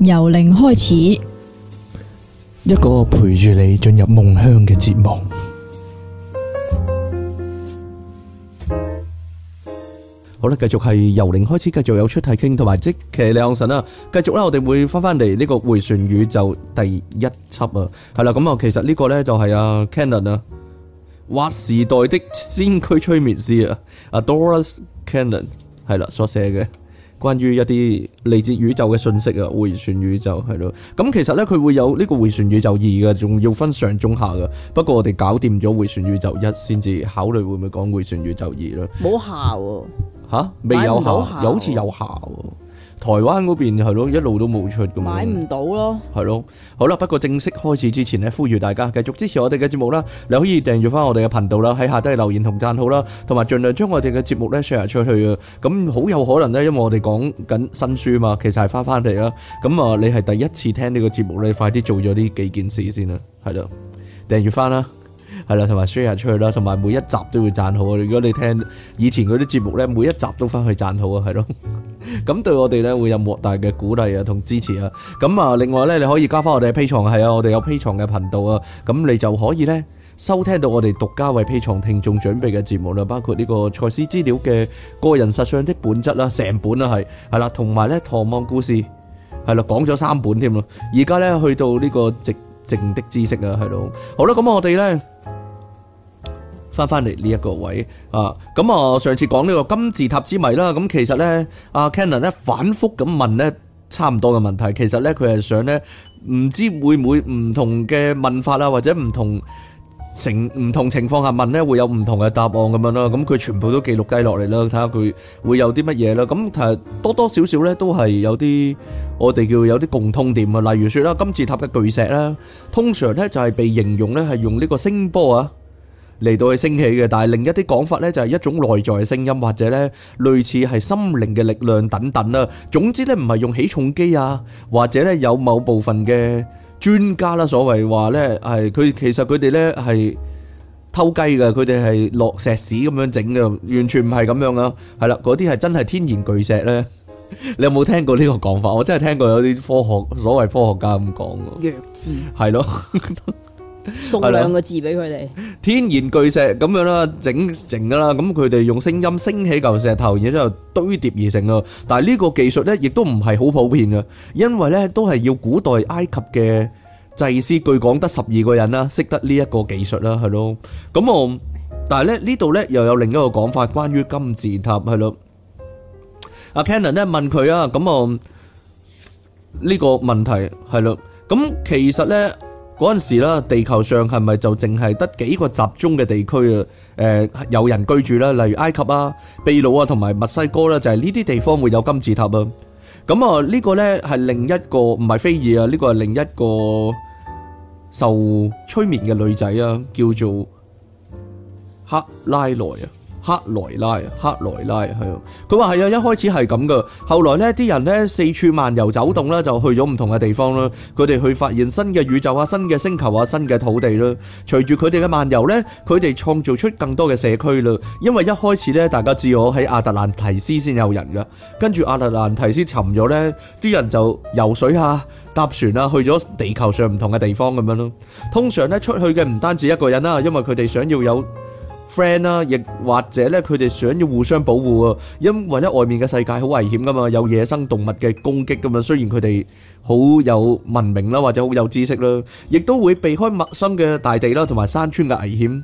由零開始，一個陪住你進入夢鄉嘅節目。好啦，繼續係由零開始，繼續有出題傾，同埋即騎靚神啊！繼續啦，我哋會返返嚟呢個回旋宇宙第一輯啊，係啦，咁啊，其實呢個咧就係阿 Cannon 啊，劃時代的先驅催眠師啊，Adora Cannon 係啦所寫嘅。關於一啲嚟自宇宙嘅信息啊，回旋宇宙係咯，咁其實咧佢會有呢個回旋宇宙二嘅，仲要分上中下嘅。不過我哋搞掂咗回旋宇宙一，先至考慮會唔會講回旋宇宙二咯。冇效喎。吓，未有效，啊，又好似有效喎，啊。台灣嗰邊係咯，一路都冇出噶嘛，買唔到咯。係咯，好啦，不過正式開始之前咧，呼籲大家繼續支持我哋嘅節目啦。你可以訂閱返我哋嘅頻道啦，喺下低留言同讚好啦，同埋盡量將我哋嘅節目咧 share 出去啊。咁好有可能咧，因為我哋講緊新書嘛，其實係翻返嚟啦。咁啊，你係第一次聽呢個節目，你快啲做咗呢幾件事先啦，係咯，訂閱返啦。係啦，同埋 share 出去啦，同埋每一集都會讚好啊！如果你聽以前嗰啲節目咧，每一集都翻去讚好啊，係咯，咁 對我哋咧會有莫大嘅鼓勵啊同支持啊！咁啊，另外咧你可以加翻我哋嘅 Patreon，係啊，我哋有 Patreon 嘅頻道啊，咁你就可以咧收聽到我哋獨家為 Patreon 聽眾準備嘅節目啦，包括呢個賽斯資料嘅個人實相的本質啦，成本啦係，係啦，同埋咧唐望故事係啦，講咗三本添咯，而家咧去到呢個直。正的知識啊，係咯，好啦，咁我哋咧翻翻嚟呢一個位啊，咁啊上次講呢個金字塔之謎啦，咁、啊、其實咧阿、啊、Cannon 咧反覆咁問咧差唔多嘅問題。其實咧佢係想咧唔知會唔會唔同嘅問法啦，或者唔同成唔同情況下問咧，會有唔同嘅答案咁樣咯。咁佢全部都記錄低落嚟啦，睇下佢會有啲乜嘢啦。咁其實多多少少咧，都係有啲我哋叫有啲共通點啊。例如說啦，金字塔嘅巨石啦，通常咧就係被形容咧係用呢個聲波啊嚟到去升起嘅。但係另一啲講法咧就係一種內在嘅聲音，或者咧類似係心靈嘅力量等等啦。總之咧唔係用起重機啊，或者咧有某部分嘅。專家啦，所謂話咧係佢其實佢哋咧係偷雞㗎，佢哋係落石屎咁樣整嘅，完全唔係咁樣啊！係啦，嗰啲係真係天然巨石咧。你有冇聽過呢個講法？我真係聽過有啲科學所謂科學家咁講喎。弱智係咯。送兩個字俾佢哋，天然巨石咁樣啦，整成噶啦，咁佢哋用聲音升起嚿石頭，然之後堆疊而成咯。但係呢個技術咧，亦都唔係好普遍噶，因為咧都係要古代埃及嘅祭司，據講得十二個人啦，識得呢一個技術啦，係咯。咁啊，但係咧呢度咧又有另一個講法，關於金字塔係咯。阿 Cannon 呢問佢啊，咁啊呢個問題係咯，咁其實咧。嗰陣時啦，地球上係咪就淨係得幾個集中嘅地區啊？誒，有人居住啦，例如埃及啊、秘魯啊同埋墨西哥啦，就係呢啲地方會有金字塔啊。咁啊，呢個咧係另一個唔係非爾啊，呢個係另一個受催眠嘅女仔啊，叫做克拉萊啊。克萊拉，克萊拉係咯。佢話係啊，一開始係咁噶。後來呢啲人呢，四處漫遊走動啦，就去咗唔同嘅地方啦。佢哋去發現新嘅宇宙啊、新嘅星球啊、新嘅土地啦。隨住佢哋嘅漫遊呢，佢哋創造出更多嘅社區啦。因為一開始呢，大家知我喺亞特蘭提斯先有人噶。跟住亞特蘭提斯沉咗呢啲人就游水啊、搭船啊，去咗地球上唔同嘅地方咁樣咯。通常呢，出去嘅唔單止一個人啦，因為佢哋想要有。friend 啦，亦或者咧，佢哋想要互相保護啊，因為咧外面嘅世界好危險噶嘛，有野生動物嘅攻擊噶嘛。雖然佢哋好有文明啦，或者好有知識啦，亦都會避開陌生嘅大地啦，同埋山川嘅危險。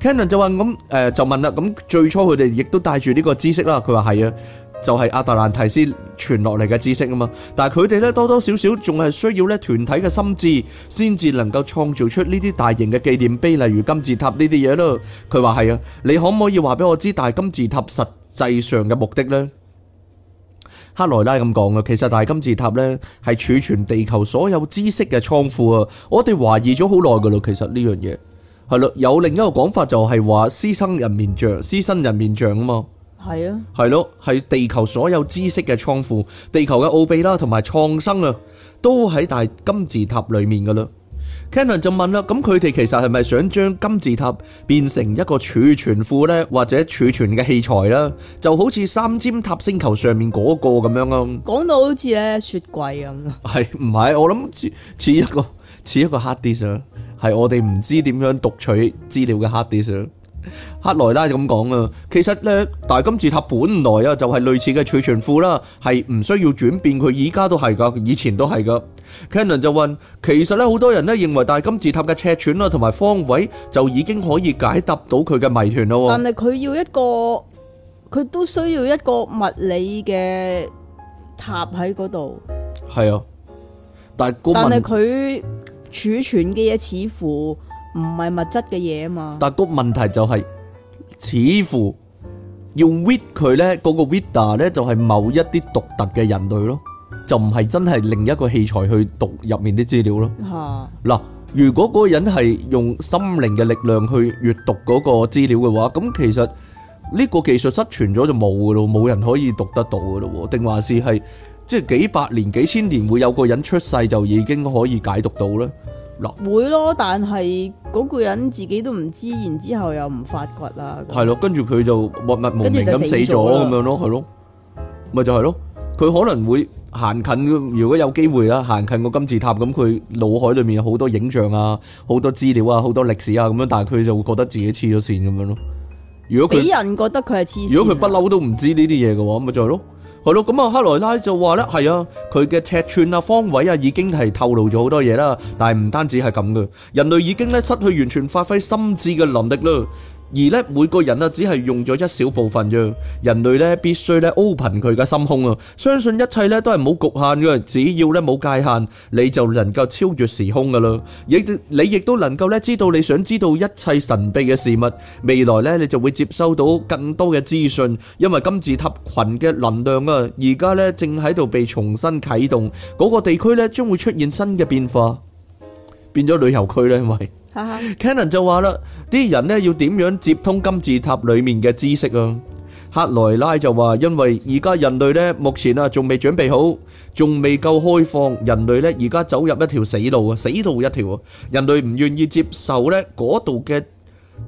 Cannon 就話咁誒，就問啦，咁最初佢哋亦都帶住呢個知識啦，佢話係啊。就係阿特蘭提斯傳落嚟嘅知識啊嘛，但係佢哋咧多多少少仲係需要咧團體嘅心智，先至能夠創造出呢啲大型嘅紀念碑，例如金字塔呢啲嘢咯。佢話係啊，你可唔可以話俾我知大金字塔實際上嘅目的呢？克萊拉咁講啊，其實大金字塔呢係儲存地球所有知識嘅倉庫啊！我哋懷疑咗好耐噶啦，其實呢樣嘢係咯，有另一個講法就係話獅身人面像，獅身人面像啊嘛。係啊，係咯，係地球所有知識嘅倉庫，地球嘅奧秘啦，同埋創生啊，都喺大金字塔裏面噶啦。Cannon 就問啦，咁佢哋其實係咪想將金字塔變成一個儲存庫呢？或者儲存嘅器材啦？就好似三尖塔星球上面嗰個咁樣啊。講到好似咧雪櫃咁。係， 唔係我諗似一個似一個 hard disk 啦，係我哋唔知點樣讀取資料嘅 hard disk。克萊拉就咁講啊，其實咧，大金字塔本來啊就係類似嘅儲存庫啦，係唔需要轉變，佢依家都係噶，以前都係噶。Cannon 就問，其實咧好多人咧認為大金字塔嘅尺寸啦同埋方位就已經可以解答到佢嘅謎團啦。但係佢要一個，佢都需要一個物理嘅塔喺嗰度。係啊，但係但係佢儲存嘅嘢，似乎。唔係物質嘅嘢啊嘛，但係個問題就係，似乎要 read 佢咧，嗰個 reader 咧就係某一啲獨特嘅人類咯，就唔係真係另一個器材去讀入面啲資料咯。吓，嗱，如果嗰個人係用心靈嘅力量去閱讀嗰個資料嘅話，咁其實呢個技術失傳咗就冇噶咯，冇人可以讀得到噶咯，定還是係即係幾百年、幾千年會有個人出世就已經可以解讀到咧？會咯，但係嗰個人自己都唔知，然之後又唔發掘啦。係咯，跟住佢就默默無聞咁死咗咁樣咯，係咯，咪就係咯。佢可能會行近，如果有機會啦，行近個金字塔咁，佢腦海裏面有好多影像啊，好多資料啊，好多歷史啊咁樣，但係佢就會覺得自己黐咗線咁樣咯。如果俾人覺得佢係黐，如果佢不嬲都唔知呢啲嘢嘅話，咪就係咯。係咯，咁啊，克萊拉就話咧，係啊，佢嘅尺寸啊、方位啊，已經係透露咗好多嘢啦。但係唔單止係咁嘅，人類已經咧失去完全發揮心智嘅能力啦。而咧，每個人啊，只係用咗一小部分啫。人類咧，必須咧，open 佢嘅心胸啊！相信一切咧，都係冇局限嘅。只要咧冇界限，你就能夠超越時空噶啦。亦你亦都能夠咧，知道你想知道一切神秘嘅事物。未來咧，你就會接收到更多嘅資訊，因為金字塔群嘅能量啊，而家咧正喺度被重新啟動。嗰個地區咧，將會出現新嘅變化，變咗旅遊區啦，因為。Canon 就話啦，啲人呢要點樣接通金字塔裏面嘅知識啊？克萊拉就話，因為而家人類呢，目前啊仲未準備好，仲未夠開放，人類呢而家走入一條死路啊，死路一條啊。人類唔願意接受呢嗰度嘅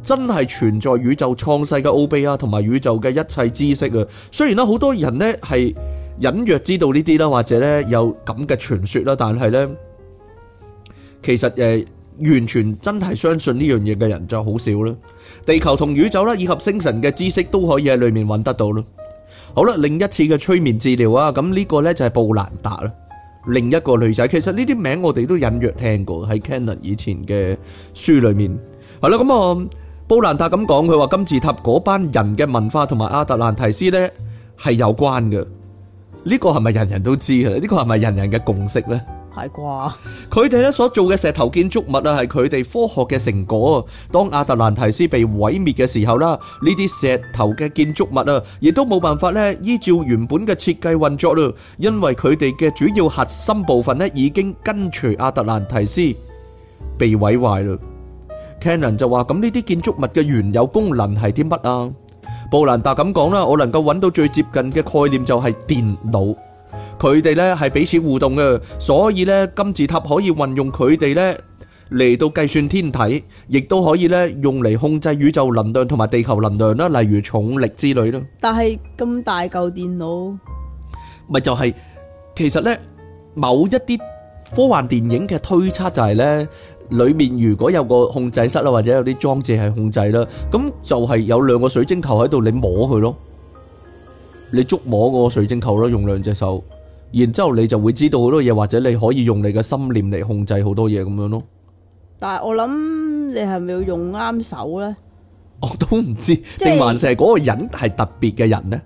真係存在宇宙創世嘅奧秘啊，同埋宇宙嘅一切知識啊。雖然呢，好多人呢係隱約知道呢啲啦，或者呢有咁嘅傳說啦，但係呢，其實誒。完全真係相信呢樣嘢嘅人就好少啦。地球同宇宙啦，以及星神嘅知識都可以喺裏面揾得到囉。好啦，另一次嘅催眠治療啊，咁呢個呢，就係布蘭達啦，另一個女仔。其實呢啲名我哋都隱約聽過喺 Cannon 以前嘅書裏面。係、嗯、啦，咁、嗯、啊布蘭達咁講，佢話金字塔嗰班人嘅文化同埋亞特蘭提斯呢係有關嘅。呢、呢個係咪人人都知啊？呢、呢個係咪人人嘅共識呢？係啩，佢哋咧所做嘅石頭建築物啊，係佢哋科學嘅成果。當亞特蘭提斯被毀滅嘅時候啦，呢啲石頭嘅建築物啊，亦都冇辦法咧依照原本嘅設計運作啦，因為佢哋嘅主要核心部分咧已經跟隨亞特蘭提斯被毀壞啦。Cannon 就話：咁呢啲建築物嘅原有功能係啲乜啊？布蘭達咁講啦，我能夠搵到最接近嘅概念就係電腦。佢哋呢係彼此互動嘅，所以呢金字塔可以運用佢哋呢嚟到計算天體，亦都可以呢用嚟控制宇宙能量同埋地球能量啦，例如重力之類咯。但係咁大嚿電腦咪就係，其實呢某一啲科幻電影嘅推測就係呢裏面如果有個控制室啦，或者有啲裝置係控制啦，咁就係有兩個水晶球喺度，你摸佢咯。你觸摸個水晶球咯，用兩隻手，然之後你就會知道好多嘢，或者你可以用你嘅心念嚟控制好多嘢咁樣咯。但係我諗你係咪要用啱手咧？我都唔知，定是還是嗰個人係特別嘅人咧？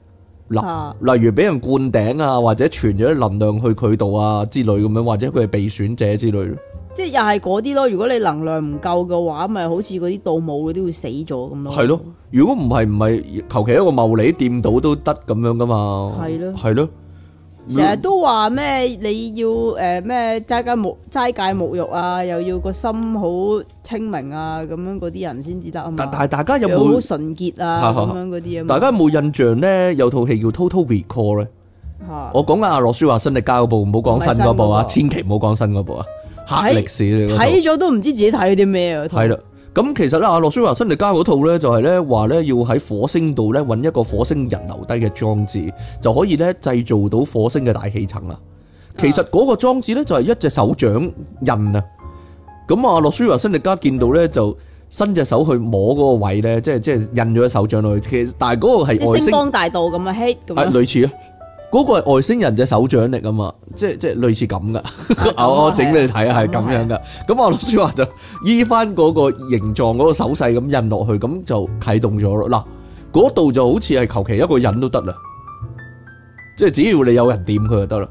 嗱、啊，例如俾人灌頂啊，或者傳咗啲能量去佢度啊之類咁樣，或者佢係被選者之類。即係又係嗰啲咯，如果你能量唔夠嘅話，咪好似嗰啲盜墓嗰啲會死咗咁咯。係咯，如果唔係唔係，求其一個茂利掂到都得咁樣噶嘛。係咯，係咯，成日都話咩？你要誒咩齋戒沐齋戒沐浴啊，又要個心好清明啊，咁樣嗰啲人先至得啊。但但係大家有冇純潔啊？咁樣啲啊？大家有冇印象咧？有套戲叫《Total Recall》咧。我講緊阿諾舒華辛力加嗰部，唔好講新嗰部啊，千祈唔好講新嗰部啊。睇睇咗都唔知自己睇咗啲咩啊！係啦，咁其實啊，洛舒華辛力加嗰套咧就係咧話咧要喺火星度咧搵一個火星人留低嘅裝置，就可以咧製造到火星嘅大氣層啦。其實嗰個裝置咧就係一隻手掌印啊！咁啊，洛舒華辛力加見到咧就伸隻手去摸嗰個位咧，即係即係印咗喺手掌度。其實但係嗰個係外星人星光大道咁啊，類似啊。嗰個係外星人隻手掌嚟㗎嘛，即係即係類似咁噶，我我整俾你睇下係咁樣噶。咁我老主話就依翻嗰個形狀嗰個手勢咁印落去，咁就啟動咗咯。嗱，嗰度就好似係求其一個人都得啦，即係只要你有人掂佢就得啦。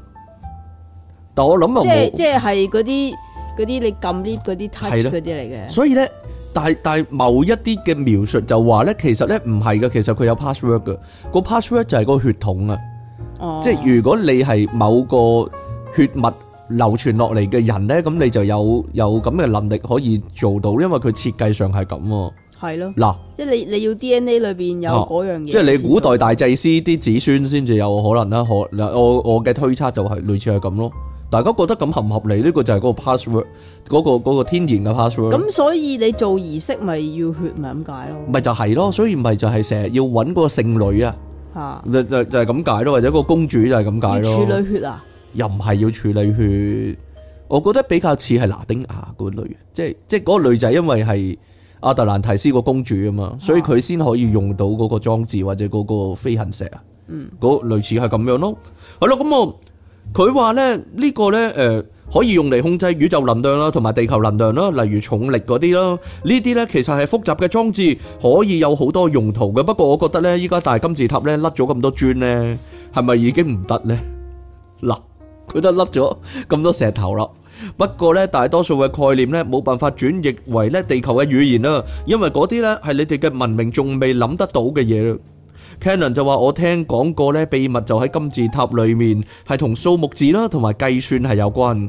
但係我諗啊，即係即係係嗰啲嗰啲你撳啲嗰啲 touch 嗰啲嚟嘅。所以咧，但係但係某一啲嘅描述就話咧，其實咧唔係嘅，其實佢有 password 嘅，個 password 就係個血統啊。即係如果你係某個血脈流傳落嚟嘅人咧，咁你就有有咁嘅能力可以做到，因為佢設計上係咁。係咯的，嗱喏，即係你你要 DNA 裏邊有嗰樣嘢喏。即係你古代大祭司啲子孫先至有可能啦。可我我嘅推測就係類似係咁咯。大家覺得咁合唔合理？呢、這個就係嗰個 password，嗰、那個、那個天然嘅 password。咁所以你做儀式咪要血咪咁解咯？咪就係咯，所以咪就係成日要揾嗰個聖女啊！就就就係咁解咯，或者個公主就係咁解咯。處女血啊？又唔係要處女血，我覺得比較似係那丁亞嗰女，即係即係嗰個女仔，因為係阿特蘭提斯個公主啊嘛，所以佢先可以用到嗰個裝置或者嗰個飛行石啊、嗯。嗯，類似係咁樣咯。好咯，咁我佢話咧呢個咧誒。呃可以用嚟控制宇宙能量啦，同埋地球能量啦，例如重力嗰啲啦，呢啲呢，其實係複雜嘅裝置，可以有好多用途嘅。不過我覺得呢，依家大金字塔呢，甩咗咁多磚呢，係咪已經唔得呢？嗱，佢都甩咗咁多石頭啦。不過呢，大多數嘅概念呢，冇辦法轉譯為呢地球嘅語言啦，因為嗰啲呢，係你哋嘅文明仲未諗得到嘅嘢 Canon 就話：我聽講過咧，秘密就喺金字塔裏面，係同數目字啦，同埋計算係有關。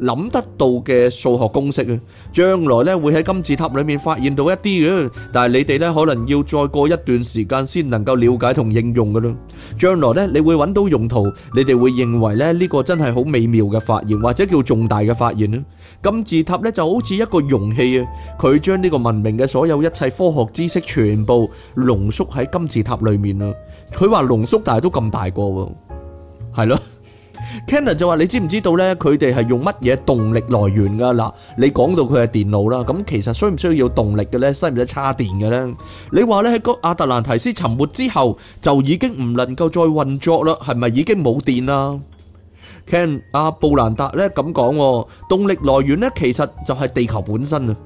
諗得到嘅數學公式啊，將來咧會喺金字塔裏面發現到一啲嘅，但係你哋咧可能要再過一段時間先能夠了解同應用嘅啦。將來咧你會揾到用途，你哋會認為咧呢個真係好美妙嘅發現，或者叫重大嘅發現啦。金字塔咧就好似一個容器啊，佢將呢個文明嘅所有一切科學知識全部濃縮喺金字塔裏面啦。佢話濃縮，但係都咁大個，係咯。Ken 就話：你知唔知道咧？佢哋係用乜嘢動力來源噶？嗱，你講到佢係電腦啦，咁其實需唔需要有動力嘅咧？需唔需要叉電嘅咧？你話咧喺個亞特蘭提斯沉沒之後，就已經唔能夠再運作啦，係咪已經冇電喇？Ken 阿布蘭達咧咁講喎，動力來源咧其實就係地球本身啊。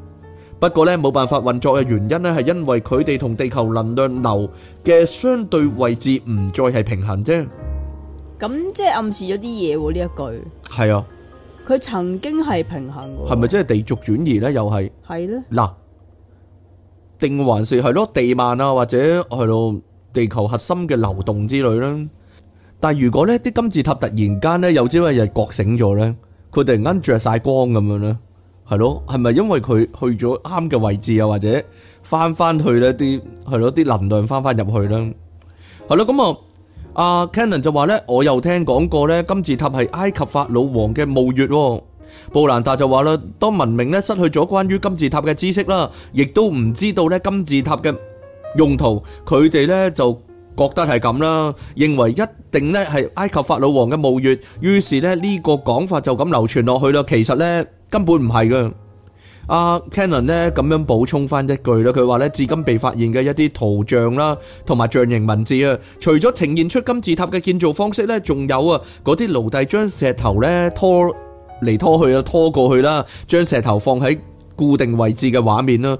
不過咧冇辦法運作嘅原因咧係因為佢哋同地球能量流嘅相對位置唔再係平衡啫。咁即係暗示咗啲嘢，呢一句？係啊，佢曾經係平衡嘅。係咪即係地軸轉移咧？又係係咧？嗱呢，定還是係咯地幔啊，或者係到地球核心嘅流動之類啦。但係如果呢啲金字塔突然間咧有朝一日覺醒咗咧，佢突然間着晒光咁樣咧，係咯？係咪因為佢去咗啱嘅位置啊？或者返返去呢啲係咯啲能量返返入去咧？係咯咁啊！嗯阿 Cannon、啊、就話咧，我又聽講過咧，金字塔係埃及法老王嘅墓穴。布蘭達就話啦，當文明咧失去咗關於金字塔嘅知識啦，亦都唔知道咧金字塔嘅用途，佢哋咧就覺得係咁啦，認為一定咧係埃及法老王嘅墓穴，於是咧呢個講法就咁流傳落去啦。其實咧根本唔係噶。阿 Cannon 咧咁樣補充翻一句啦，佢話咧至今被發現嘅一啲圖像啦，同埋象形文字啊，除咗呈現出金字塔嘅建造方式咧，仲有啊嗰啲奴隸將石頭咧拖嚟拖去啊，拖過去啦，將石頭放喺。固定位置嘅畫面啦，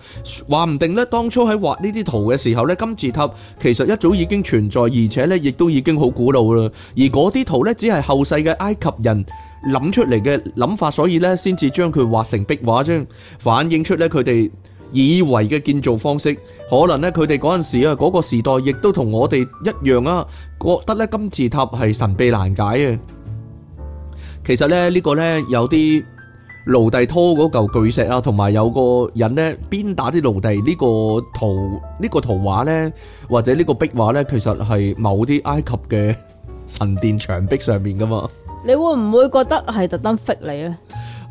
話唔定咧，當初喺畫呢啲圖嘅時候咧，金字塔其實一早已經存在，而且咧亦都已經好古老啦。而嗰啲圖呢只係後世嘅埃及人諗出嚟嘅諗法，所以呢先至將佢畫成壁畫啫，反映出呢佢哋以為嘅建造方式。可能呢，佢哋嗰陣時啊，嗰個時代亦都同我哋一樣啊，覺得咧金字塔係神秘難解嘅。其實呢，呢個呢有啲。奴隸拖嗰嚿巨石啊，同埋有個人呢鞭打啲奴隸呢，這個圖呢，這個圖畫咧，或者呢個壁畫呢，其實係某啲埃及嘅神殿牆壁上面噶嘛。你會唔會覺得係特登逼你呢？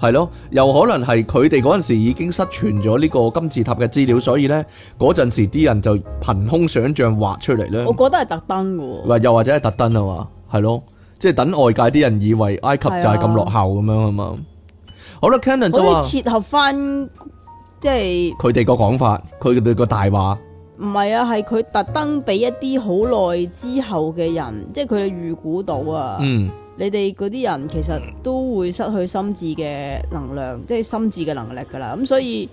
係咯，又可能係佢哋嗰陣時已經失傳咗呢個金字塔嘅資料，所以呢嗰陣時啲人就憑空想象畫出嚟呢？我覺得係特登嘅，又或者係特登啊嘛，係咯，即係等外界啲人以為埃及就係咁落後咁樣啊嘛。好啦，Canon 就話，可以切合翻即係佢哋個講法，佢哋個大話。唔係啊，係佢特登俾一啲好耐之後嘅人，即係佢哋預估到啊，嗯、你哋嗰啲人其實都會失去心智嘅能量，即係心智嘅能力噶啦。咁所以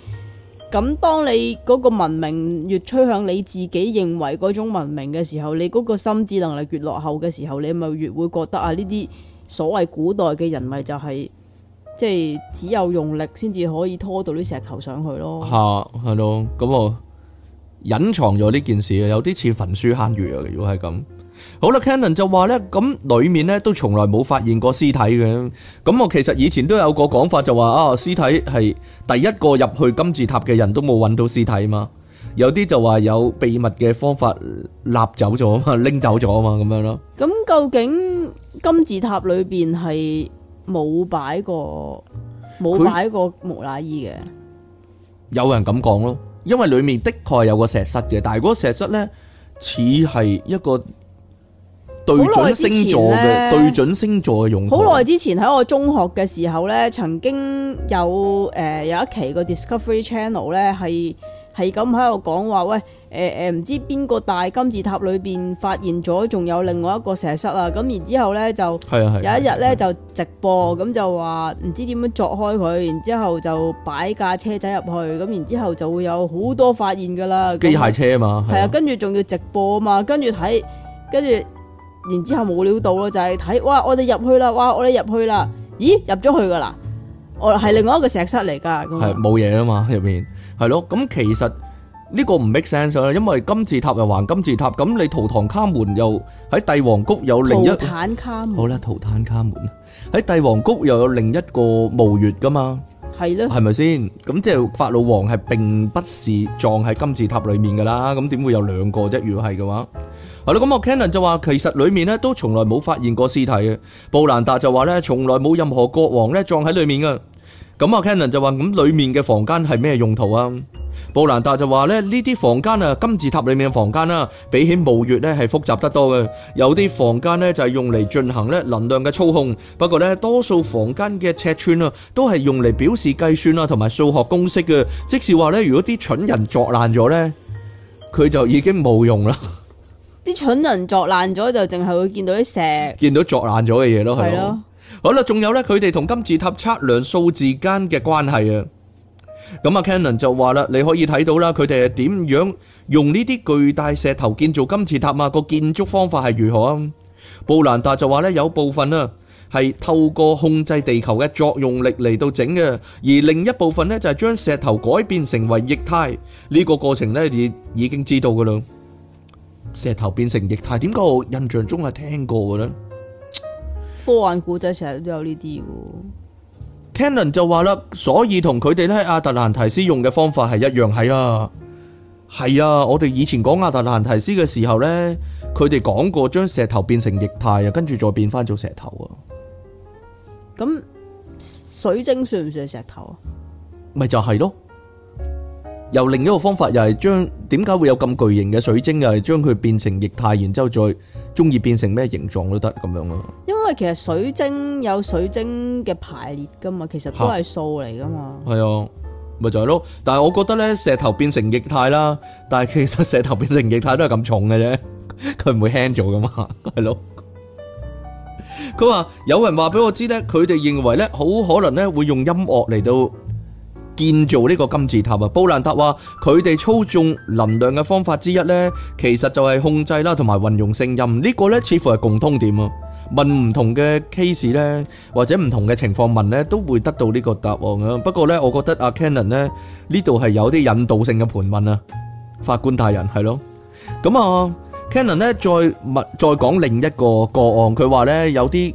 咁，當你嗰個文明越趨向你自己認為嗰種文明嘅時候，你嗰個心智能力越落後嘅時候，你咪越會覺得啊，呢啲所謂古代嘅人咪就係、是。即係只有用力先至可以拖到啲石頭上去咯。吓、啊，係咯，咁啊隱藏咗呢件事嘅，有啲似焚書坑儒啊！如果係咁，好啦，Cannon 就話咧，咁裡面咧都從來冇發現過屍體嘅。咁我其實以前都有個講法就，就話啊，屍體係第一個入去金字塔嘅人都冇揾到屍體嘛。有啲就話有秘密嘅方法攞走咗啊嘛，拎走咗啊嘛，咁樣咯。咁究竟金字塔裏邊係？冇擺過，冇擺過木乃伊嘅。有人咁講咯，因為裏面的確有個石室嘅，但係嗰個石室咧似係一個對準星座嘅，對準星座嘅用。好耐之前喺我中學嘅時候咧，曾經有誒、呃、有一期個 Discovery Channel 咧係係咁喺度講話喂。誒誒，唔知邊個大金字塔裏邊發現咗，仲有另外一個石室啊！咁然之後咧就有一日咧就直播，咁就話唔知點樣鑿開佢，然之後就擺架車仔入去，咁然之後就會有好多發現噶啦。機械車啊嘛，係啊，跟住仲要直播啊嘛，跟住睇，跟住然之後冇料到咯，就係睇，哇！我哋入去啦，哇！我哋入去啦，咦？入咗去噶啦，哦，係另外一個石室嚟噶，係冇嘢啊嘛，入面係咯，咁其實。呢個唔 make sense 啦，因為金字塔又還金字塔，咁你圖唐卡門又喺帝王谷有另一個，好啦，圖坦卡門喺帝王谷又有另一個墓穴噶嘛，係咪先？咁即係法老王係並不是葬喺金字塔裡面噶啦，咁點會有兩個啫？如果係嘅話，係啦、嗯。咁啊，Cannon 就話其實裡面咧都從來冇發現過屍體嘅，布蘭達就話咧從來冇任何國王咧葬喺裡面噶。咁啊，Cannon 就話咁裡面嘅房間係咩用途啊？布蘭達就話咧呢啲房間啊，金字塔裏面嘅房間啦，比起墓穴咧係複雜得多嘅。有啲房間呢，就係用嚟進行咧能量嘅操控，不過呢，多數房間嘅尺寸啊都係用嚟表示計算啦同埋數學公式嘅。即係話呢，如果啲蠢人作爛咗呢，佢就已經冇用啦。啲蠢人鑿爛咗就淨係會見到啲石，見到鑿爛咗嘅嘢咯，係咯。的好啦，仲有呢，佢哋同金字塔測量數字間嘅關係啊。咁啊，Cannon 就話啦，你可以睇到啦，佢哋係點樣用呢啲巨大石頭建造金字塔啊？個建築方法係如何啊？布蘭達就話呢，有部分啊係透過控制地球嘅作用力嚟到整嘅，而另一部分呢，就係將石頭改變成為液態。呢、呢個過程呢，你已經知道噶啦。石頭變成液態，點解我印象中係聽過噶咧？科幻古仔成日都有呢啲噶。Canon 就話啦，所以同佢哋咧喺亞特蘭提斯用嘅方法係一樣。係啊，係啊，我哋以前講亞特蘭提斯嘅時候呢，佢哋講過將石頭變成液態啊，跟住再變返做石頭啊。咁水晶算唔算石頭啊？咪就係咯。由另一個方法又係將，點解會有咁巨型嘅水晶，又係將佢變成液態，然之後再鍾意變成咩形狀都得咁樣咯。因為其實水晶有水晶嘅排列噶嘛，其實都係數嚟噶嘛。係啊，咪就係咯。但係我覺得咧，石頭變成液態啦，但係其實石頭變成液態都係咁重嘅啫，佢唔會輕咗噶嘛，係咯。佢話有人話俾我知咧，佢哋認為咧，好可能咧會用音樂嚟到。建造呢個金字塔啊！布蘭特話佢哋操縱能量嘅方法之一呢，其實就係控制啦，同埋運用聲音。呢個呢似乎係共通點啊！問唔同嘅 case 呢，或者唔同嘅情況問呢，都會得到呢個答案啊。不過呢，我覺得阿 Cannon 呢呢度係有啲引導性嘅盤問啊，法官大人係咯。咁啊，Cannon 呢再問再講另一個個案，佢話呢有啲。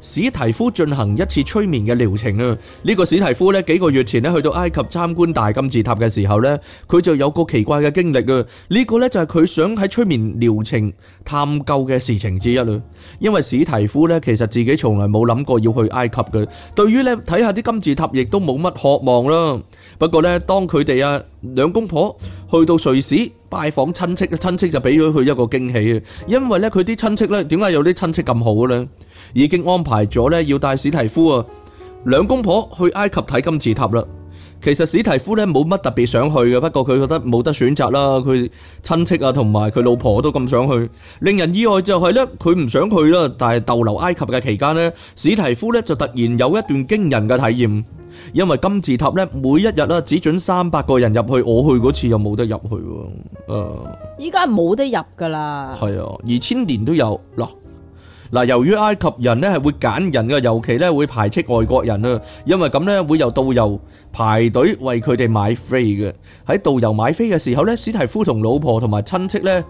史提夫進行一次催眠嘅療程啊！呢個史提夫呢，幾個月前呢，去到埃及參觀大金字塔嘅時候呢，佢就有個奇怪嘅經歷啊！呢個呢，就係佢想喺催眠療程探究嘅事情之一啦。因為史提夫呢，其實自己從來冇諗過要去埃及嘅，對於呢，睇下啲金字塔亦都冇乜渴望啦。不過呢，當佢哋啊兩公婆去到瑞士拜訪親戚，親戚就俾咗佢一個驚喜啊！因為呢，佢啲親戚呢，點解有啲親戚咁好呢？已經安排咗咧，要帶史提夫啊兩公婆去埃及睇金字塔啦。其實史提夫咧，冇乜特別想去嘅，不過佢覺得冇得選擇啦。佢親戚啊，同埋佢老婆都咁想去。令人意外就係咧，佢唔想去啦。但係逗留埃及嘅期間咧，史提夫咧就突然有一段驚人嘅體驗，因為金字塔咧每一日啦只准三百個人入去，我去嗰次又冇得入去，誒，依家冇得入噶啦，係啊，二千年都有嗱。嗱，由於埃及人咧係會揀人嘅，尤其咧會排斥外國人啊，因為咁咧會由導遊排隊為佢哋買飛嘅。喺導遊買飛嘅時候咧，史提夫同老婆同埋親戚咧，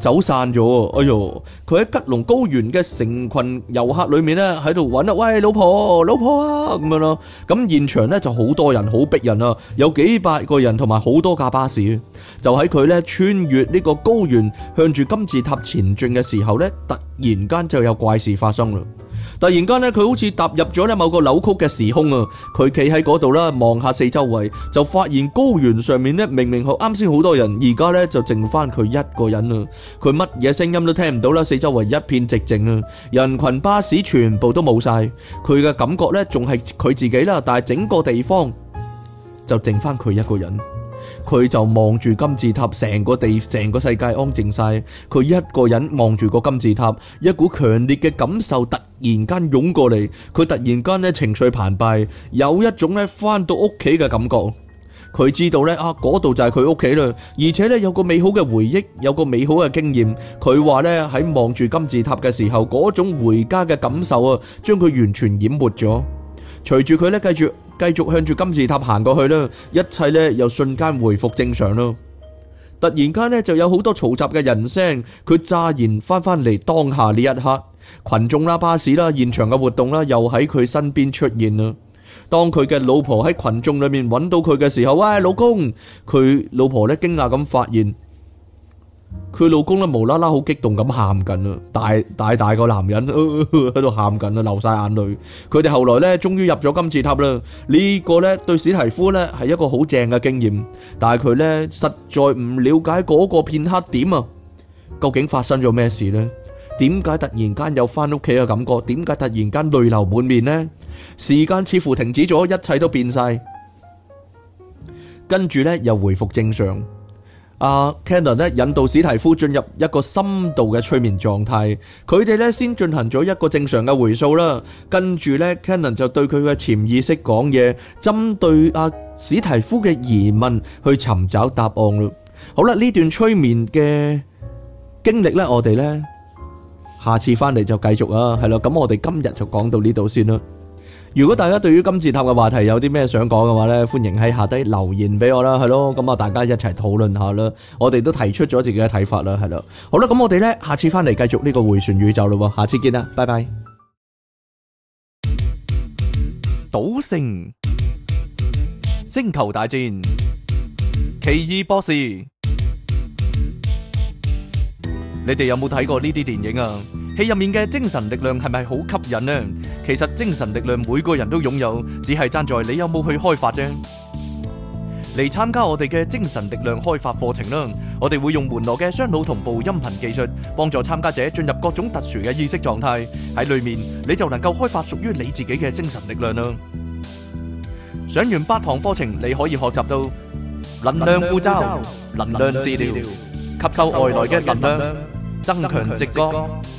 走散咗，哎喲！佢喺吉隆高原嘅成群遊客裏面咧，喺度揾啊，喂，老婆，老婆啊，咁樣咯。咁現場咧就好多人，好逼人啊，有幾百個人同埋好多架巴士，就喺佢咧穿越呢個高原向住金字塔前進嘅時候咧，突然間就有怪事發生啦。突然間咧，佢好似踏入咗咧某個扭曲嘅時空啊！佢企喺嗰度啦，望下四周圍，就發現高原上面咧，明明好啱先好多人，而家咧就剩翻佢一個人啊。佢乜嘢聲音都聽唔到啦，四周圍一片寂靜啊！人群巴士全部都冇晒，佢嘅感覺咧仲係佢自己啦，但係整個地方就剩翻佢一個人。佢就望住金字塔，成個地，成個世界安靜晒。佢一個人望住個金字塔，一股強烈嘅感受突然間湧過嚟。佢突然間咧情緒澎湃，有一種咧翻到屋企嘅感覺。佢知道咧啊，嗰度就係佢屋企啦。而且咧有個美好嘅回憶，有個美好嘅經驗。佢話咧喺望住金字塔嘅時候，嗰種回家嘅感受啊，將佢完全淹沒咗。隨住佢咧繼續。繼續向住金字塔行過去啦，一切呢又瞬間回復正常咯。突然間呢，就有好多嘈雜嘅人聲，佢乍然翻返嚟當下呢一刻，群眾啦、巴士啦、現場嘅活動啦，又喺佢身邊出現啦。當佢嘅老婆喺群眾裏面揾到佢嘅時候，喂，老公，佢老婆呢驚訝咁發現。佢老公咧無啦啦好激動咁喊緊啦，大大大個男人喺度喊緊啦，流晒眼淚。佢哋後來咧終於入咗金字塔啦。這個、呢個咧對史提夫咧係一個好正嘅經驗，但係佢咧實在唔了解嗰個片刻點啊？究竟發生咗咩事呢？點解突然間有翻屋企嘅感覺？點解突然間淚流滿面呢？時間似乎停止咗，一切都變晒，跟住咧又回復正常。阿 Cannon 咧引導史提夫進入一個深度嘅催眠狀態，佢哋咧先進行咗一個正常嘅回溯啦，跟住咧 Cannon 就對佢嘅潛意識講嘢，針對阿史提夫嘅疑問去尋找答案咯。好啦，呢段催眠嘅經歷咧，我哋咧下次翻嚟就繼續啊，係咯，咁我哋今日就講到呢度先啦。如果大家對於金字塔嘅話題有啲咩想講嘅話咧，歡迎喺下低留言俾我啦，係咯，咁啊大家一齊討論下啦，我哋都提出咗自己嘅睇法啦，係咯，好啦，咁我哋咧下次翻嚟繼續呢個迴旋宇宙咯，下次見啦，拜拜。賭聖、星球大戰、奇異博士，你哋有冇睇過呢啲電影啊？戲入面嘅精神力量係咪好吸引呢？其實精神力量每個人都擁有，只係爭在你有冇去開發啫。嚟參加我哋嘅精神力量開發課程啦！我哋會用門羅嘅雙腦同步音頻技術，幫助參加者進入各種特殊嘅意識狀態。喺裏面你就能夠開發屬於你自己嘅精神力量啦。上完八堂課程，你可以學習到能量護罩、能量治療、吸收外來嘅能量、增強直覺。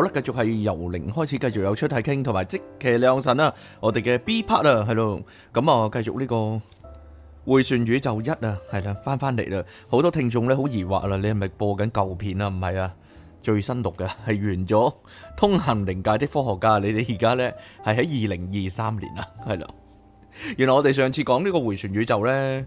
好啦，繼續係由零開始，繼續有出體傾，同埋即期亮神啦，我哋嘅 B part 啦，係、嗯、咯，咁啊、這個，繼續呢個回旋宇宙一啊，係啦，翻翻嚟啦，好多聽眾咧好疑惑啦，你係咪播緊舊片啊？唔係啊，最新讀㗎，係完咗《通行靈界的科學家》你。你哋而家咧係喺二零二三年啊，係啦，原來我哋上次講呢個回旋宇宙咧。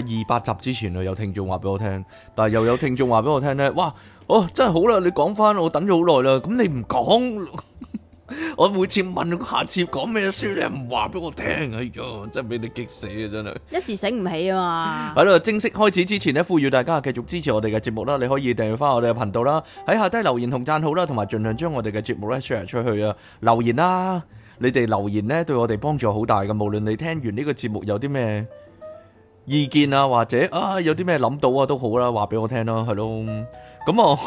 喺二百集之前啊，有聽眾話俾我聽，但係又有聽眾話俾我聽咧，哇哦，真係好啦，你講翻，我等咗好耐啦，咁你唔講， 我每次問，下次講咩書你唔話俾我聽，哎呀，真係俾你激死啊，真係一時醒唔起啊嘛。喺度 正式開始之前咧，呼籲大家繼續支持我哋嘅節目啦，你可以訂閱翻我哋嘅頻道啦，喺下低留言同讚好啦，同埋盡量將我哋嘅節目咧 share 出去啊，留言啦，你哋留言咧對我哋幫助好大嘅，無論你聽完呢個節目有啲咩意見啊，或者啊，有啲咩諗到啊，都好啦，話俾我聽咯，係咯，咁我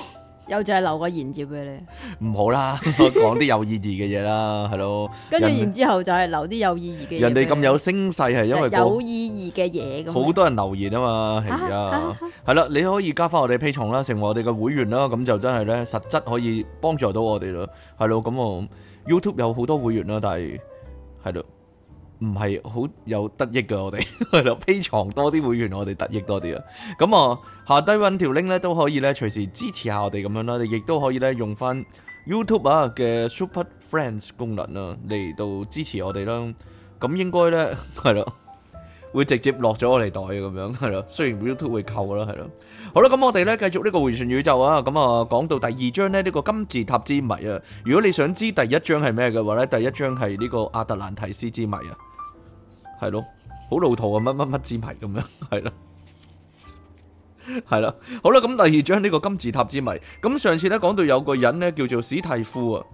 又就係留個言接俾你，唔好啦，講啲 有意義嘅嘢啦，係咯，跟住然之後就係留啲有意義嘅人哋咁有聲勢係你因為有意義嘅嘢，好多人留言啊嘛，係 啊，係啦， 你可以加翻我哋 P 重啦，成為我哋嘅會員啦，咁就真係咧，實質可以幫助到我哋咯，係咯，咁我 YouTube 有好多會員啦，但係係咯。唔係好有得益嘅，我哋係咯，非 常多啲會員，我哋得益多啲啊！咁啊，下低揾條 link 咧都可以咧，隨時支持下我哋咁樣啦。你亦都可以咧用翻 YouTube 啊嘅 Super Friends 功能啊嚟到支持我哋啦。咁應該咧係咯，會直接落咗我哋袋嘅咁樣係咯。雖然 YouTube 會扣啦，係咯。好啦，咁我哋咧繼續呢個迴旋宇宙啊！咁啊，講到第二章咧，呢個金字塔之謎啊。如果你想知第一章係咩嘅話咧，第一章係呢個亞特蘭提斯之謎啊。係咯、啊， 好老土啊！乜乜乜之謎咁樣，係啦，係啦，好啦，咁第二張呢個金字塔之謎。咁上次咧講到有個人咧叫做史蒂夫啊，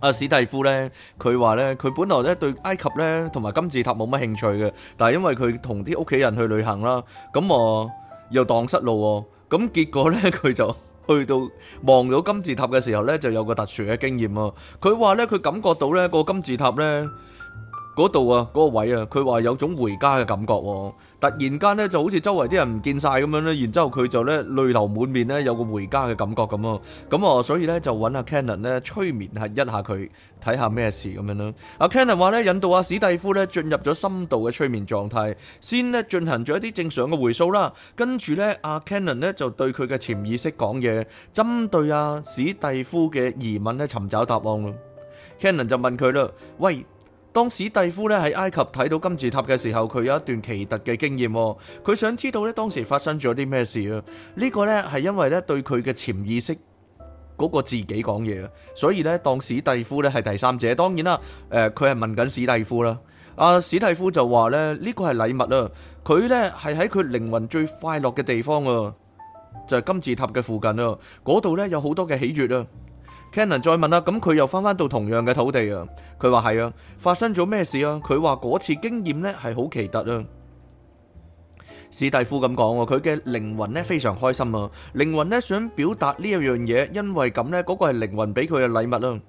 啊史蒂夫呢，佢話呢，佢本來呢對埃及呢同埋金字塔冇乜興趣嘅，但係因為佢同啲屋企人去旅行啦，咁啊又蕩失路喎、啊，咁結果呢，佢就去到望到金字塔嘅時候呢，就有個特殊嘅經驗啊！佢話呢，佢感覺到呢、個金字塔呢。嗰度啊，嗰、那個位啊，佢話有種回家嘅感覺喎、哦。突然間咧，就好似周圍啲人唔見晒咁樣咧，然之後佢就咧淚流滿面咧，有個回家嘅感覺咁啊、哦。咁、嗯、啊，所以咧就揾阿 Cannon 咧催眠一下一下佢，睇下咩事咁樣咯。阿 Cannon 話咧，引導阿、啊、史蒂夫咧進入咗深度嘅催眠狀態，先咧進行咗一啲正常嘅回溯啦。跟住咧，阿、啊、Cannon 咧就對佢嘅潛意識講嘢，針對阿、啊、史蒂夫嘅疑問咧尋找答案咯。Cannon 就問佢啦：喂！當史蒂夫咧喺埃及睇到金字塔嘅時候，佢有一段奇特嘅經驗。佢想知道咧當時發生咗啲咩事啊？呢、這個咧係因為咧對佢嘅潛意識嗰、那個自己講嘢啊。所以咧當史蒂夫咧係第三者，當然啦，誒佢係問緊史蒂夫啦。阿、啊、史蒂夫就話咧呢個係禮物啊，佢咧係喺佢靈魂最快樂嘅地方啊，就係、是、金字塔嘅附近啊，嗰度咧有好多嘅喜悅啊。Canon 再問啦，咁佢又翻返到同樣嘅土地啊。佢話係啊，發生咗咩事啊？佢話嗰次經驗呢係好奇特啊。史蒂夫咁講喎，佢嘅靈魂呢非常開心啊。靈魂呢想表達呢一樣嘢，因為咁呢嗰個係靈魂俾佢嘅禮物啊。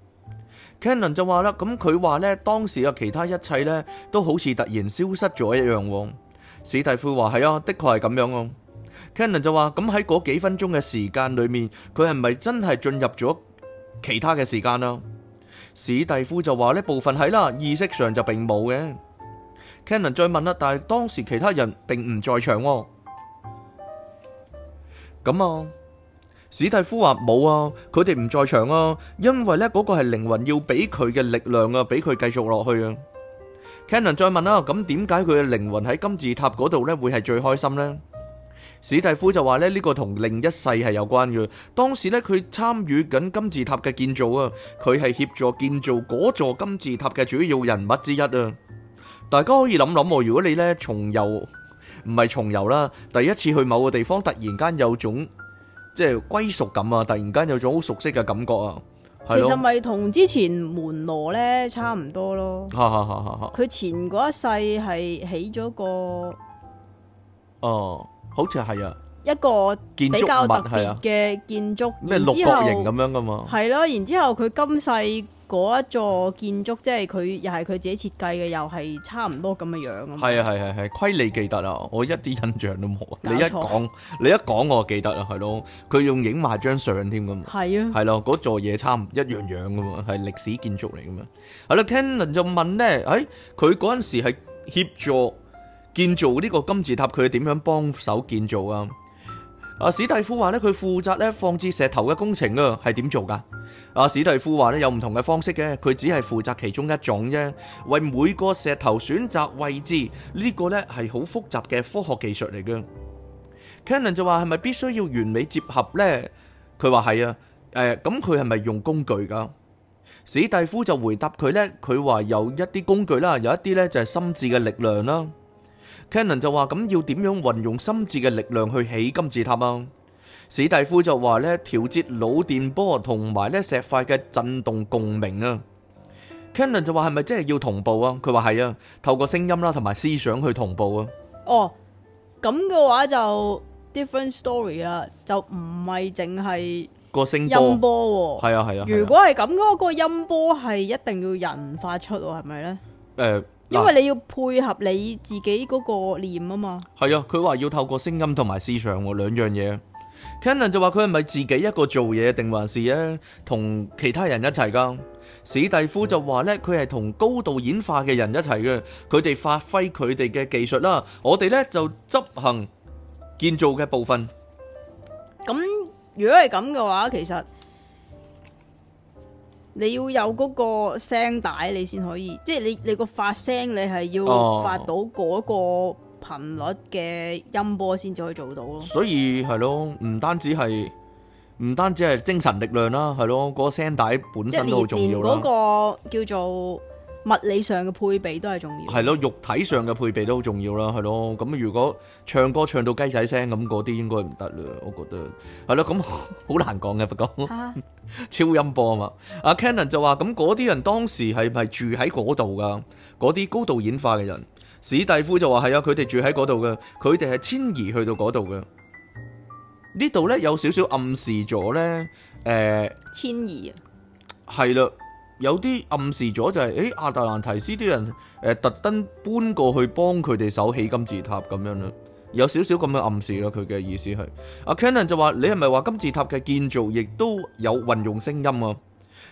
Canon 就話啦，咁佢話呢當時嘅其他一切呢都好似突然消失咗一樣。史蒂夫話係啊，的確係咁樣咯。Canon 就話咁喺嗰幾分鐘嘅時間裡面，佢係咪真係進入咗？其他嘅時間啦，史蒂夫就話呢部分係啦，意識上就並冇嘅。Cannon 再問啦，但係當時其他人並唔在場喎。咁、嗯、啊，史蒂夫話冇啊，佢哋唔在場啊，因為呢嗰個係靈魂要俾佢嘅力量啊，俾佢繼續落去啊。Cannon 再問啦，咁點解佢嘅靈魂喺金字塔嗰度呢？會係最開心呢？史蒂夫就話咧，呢個同另一世係有關嘅。當時呢，佢參與緊金字塔嘅建造啊，佢係協助建造嗰座金字塔嘅主要人物之一啊。大家可以諗諗喎，如果你呢重遊，唔係重遊啦，第一次去某個地方，突然間有種即係歸屬感啊，突然間有種好熟悉嘅感覺啊。其實咪同之前門羅呢差唔多咯。佢 前嗰一世係起咗個，哦、啊。好似係啊，一個比較特別嘅建築，咩六角形咁樣噶嘛？係咯，然之後佢今世嗰一座建築，即係佢又係佢自己設計嘅，又係差唔多咁嘅樣。係啊，係係係，虧你記得啊，我一啲印象都冇啊。你一講，你一講我就記得啊，係咯，佢用影埋張相添咁，係啊，係咯，嗰座嘢，差唔一樣樣噶嘛，係歷史建築嚟噶嘛。係啦，聽人就問咧，誒，佢嗰陣時係協助。建造呢個金字塔，佢係點樣幫手建造啊？啊，史蒂夫話咧，佢負責咧放置石頭嘅工程啊，係點做噶？啊，史蒂夫話咧，有唔同嘅方式嘅，佢只係負責其中一種啫。為每個石頭選擇位置，呢個咧係好複雜嘅科學技術嚟嘅。Cannon 就話係咪必須要完美結合呢？佢話係啊，誒咁佢係咪用工具噶？史蒂夫就回答佢咧，佢話有一啲工具啦，有一啲咧就係心智嘅力量啦。Cannon 就話咁要點樣運用心智嘅力量去起金字塔啊？史蒂夫就話咧調節腦電波同埋咧石塊嘅震動共鳴啊。Cannon 就話係咪即係要同步啊？佢話係啊，透過聲音啦同埋思想去同步啊。哦，咁嘅話就 different story 啦，就唔係淨係個聲波。係啊係啊。如果係咁嗰個音波係一定要人發出，係咪咧？誒。因為你要配合你自己嗰個念啊嘛，係啊，佢話要透過聲音同埋思想兩樣嘢。Cannon 就話佢係咪自己一個做嘢定還是咧同其他人一齊噶？史蒂夫就話呢，佢係同高度演化嘅人一齊嘅，佢哋發揮佢哋嘅技術啦，我哋呢，就執行建造嘅部分。咁如果係咁嘅話，其實。你要有嗰個聲帶，你先可以，即係你你個發聲，你係要發到嗰個頻率嘅音波先至可以做到咯，啊。所以係咯，唔單止係，唔單止係精神力量啦，係咯，嗰個聲帶本身都好重要啦。嗰個叫做。物理上嘅配備都係重要，係咯，肉體上嘅配備都好重要啦，係咯。咁如果唱歌唱到雞仔聲，咁嗰啲應該唔得啦，我覺得係咯。咁好難講嘅，不講、啊、 超音波啊嘛。阿 Cannon 就話：咁嗰啲人當時係咪住喺嗰度噶？嗰啲高度演化嘅人，史蒂夫就話係啊，佢哋住喺嗰度嘅，佢哋係遷移去到嗰度嘅。呢度咧有少少暗示咗咧，誒、欸，遷移啊，係啦。有啲暗示咗就係、是，誒亞特蘭提斯啲人誒、呃、特登搬過去幫佢哋守起金字塔咁樣啦，有少少咁嘅暗示咯，佢嘅意思係。阿 Cannon 就話：你係咪話金字塔嘅建造亦都有運用聲音啊？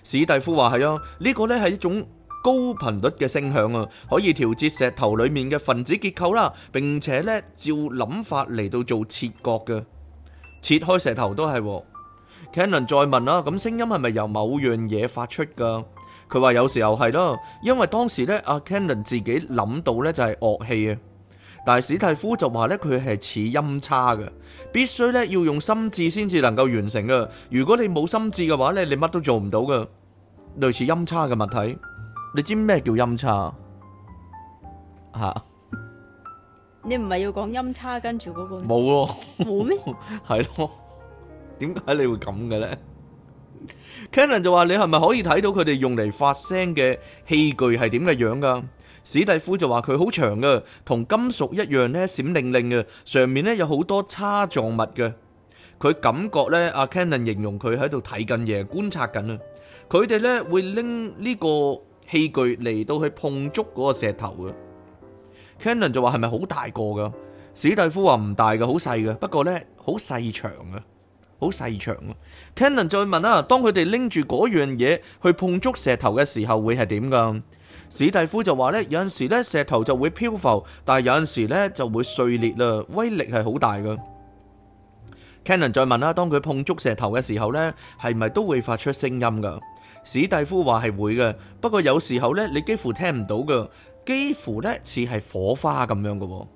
史蒂夫話係啊，呢、這個呢係一種高頻率嘅聲響啊，可以調節石頭裡面嘅分子結構啦，並且呢，照諗法嚟到做切割嘅，切開石頭都係、啊。Cannon 再問啦，咁聲音係咪由某樣嘢發出噶？佢話有時候係咯，因為當時咧，阿 Cannon 自己諗到咧就係樂器啊，但係史蒂夫就話咧佢係似音叉嘅，必須咧要用心智先至能夠完成啊！如果你冇心智嘅話咧，你乜都做唔到噶。類似音叉嘅物體，你知咩叫音叉？啊？你唔係要講音叉跟住嗰個？冇咯，冇咩？係咯， 點解你會咁嘅咧？Cannon 就話你係咪可以睇到佢哋用嚟發聲嘅器具係點嘅樣噶？史蒂夫就話佢好長嘅，同金屬一樣咧閃靈靈嘅，上面咧有好多叉狀物嘅。佢感覺咧，阿 Cannon 形容佢喺度睇緊嘢，觀察緊啊。佢哋咧會拎呢個器具嚟到去碰觸嗰個石頭嘅。Cannon 就話係咪好大個噶？史蒂夫話唔大嘅，好細嘅，不過咧好細長嘅。好細長啊，Cannon 再問啊，當佢哋拎住嗰樣嘢去碰觸石頭嘅時候，會係點㗎？史蒂夫就話呢，有陣時呢石頭就會漂浮，但係有陣時呢就會碎裂啦，威力係好大㗎。Cannon 再問啦，當佢碰觸石頭嘅時候呢，係咪都會發出聲音㗎？史蒂夫話係會嘅，不過有時候呢你幾乎聽唔到㗎，幾乎呢似係火花咁樣㗎喎。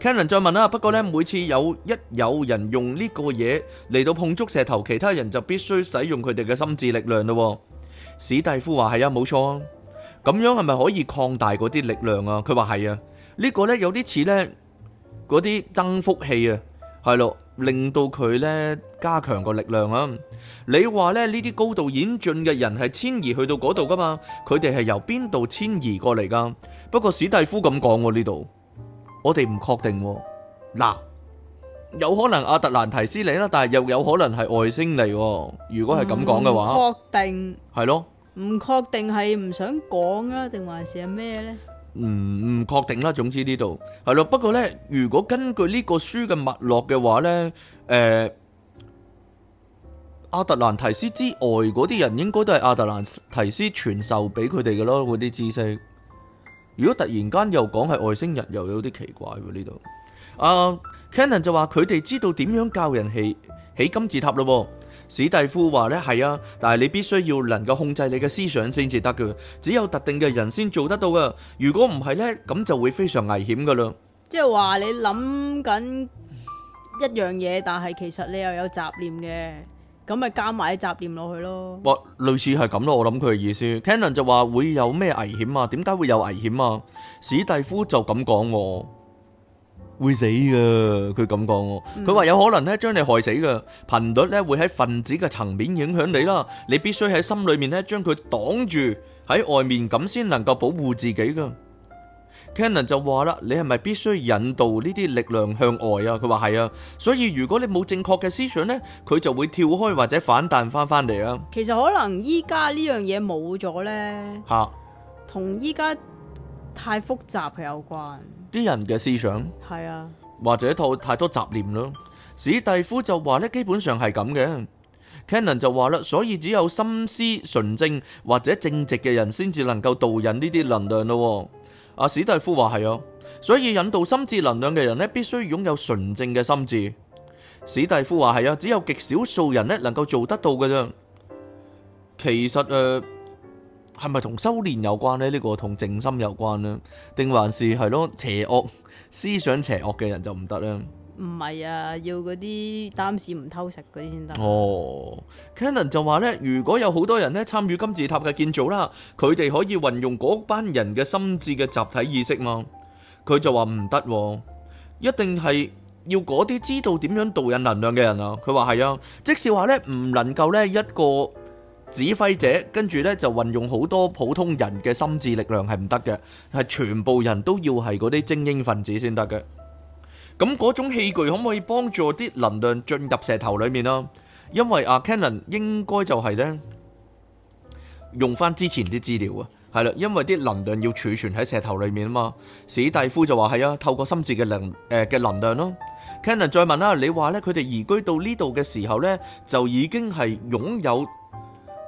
Cannon 再問啦，不過咧每次有一有人用呢個嘢嚟到碰觸石頭，其他人就必須使用佢哋嘅心智力量咯、哦。史蒂夫話：係啊，冇錯啊。咁樣係咪可以擴大嗰啲力量啊？佢話係啊，這個、呢個咧有啲似咧嗰啲增幅器啊，係咯，令到佢咧加強個力量啊。你話咧呢啲高度演進嘅人係遷移去到嗰度噶嘛？佢哋係由邊度遷移過嚟噶？不過史蒂夫咁講喎呢度。我哋唔確定，嗱，有可能阿特蘭提斯嚟啦，但係又有可能係外星嚟。如果係咁講嘅話，確、嗯、定係咯，唔確定係唔想講啊，定還是係咩咧？唔唔確定啦，總之呢度係咯。不過咧，如果根據呢個書嘅脈絡嘅話咧，誒、呃，阿特蘭提斯之外嗰啲人應該都係阿特蘭提斯傳授俾佢哋嘅咯，嗰啲知識。如果突然間又講係外星人，又有啲奇怪喎呢度。啊，uh，Cannon 就話佢哋知道點樣教人起起金字塔咯。史蒂夫話咧係啊，但係你必須要能夠控制你嘅思想先至得嘅，只有特定嘅人先做得到嘅。如果唔係咧，咁就會非常危險噶啦。即係話你諗緊一樣嘢，但係其實你又有雜念嘅。咁咪加埋啲雜念落去咯。哇，類似係咁咯，我諗佢嘅意思。Cannon 就話會有咩危險啊？點解會有危險啊？史蒂夫就咁講喎，會死嘅。佢咁講喎，佢話有可能咧將你害死嘅，頻率咧會喺分子嘅層面影響你啦。你必須喺心裏面咧將佢擋住，喺外面咁先能夠保護自己㗎。Canon 就話啦，你係咪必須引導呢啲力量向外啊？佢話係啊，所以如果你冇正確嘅思想呢，佢就會跳開或者反彈翻翻嚟啊。其實可能依家呢樣嘢冇咗呢，嚇、啊，同依家太複雜嘅有關啲人嘅思想係啊，或者套太多雜念咯。史蒂夫就話呢，基本上係咁嘅。Canon 就話啦，所以只有心思純正或者正直嘅人先至能夠導引呢啲能量咯、啊。史蒂夫話係啊，所以引導心智能量嘅人咧，必須擁有純正嘅心智。史蒂夫話係啊，只有極少數人咧能夠做得到嘅啫。其實誒，係咪同修煉有關呢？呢、這個同靜心有關咧，定還是係咯邪惡 思想邪惡嘅人就唔得啦。唔係啊，要嗰啲擔屎唔偷食嗰啲先得。哦，Cannon 就話咧，如果有好多人咧參與金字塔嘅建造啦，佢哋可以運用嗰班人嘅心智嘅集體意識嘛？佢就話唔得，一定係要嗰啲知道點樣導引能量嘅人啊。佢話係啊，即是話咧，唔能夠咧一個指揮者跟住咧就運用好多普通人嘅心智力量係唔得嘅，係全部人都要係嗰啲精英分子先得嘅。咁嗰種器具可唔可以幫助啲能量進入石頭裡面啊？因為阿 Canon 應該就係呢，用翻之前啲資料啊，係啦，因為啲能量要儲存喺石頭裡面啊嘛。史蒂夫就話係啊，透過心智嘅能誒嘅、呃、能量咯。Canon 再問啦，你話呢？佢哋移居到呢度嘅時候呢，就已經係擁有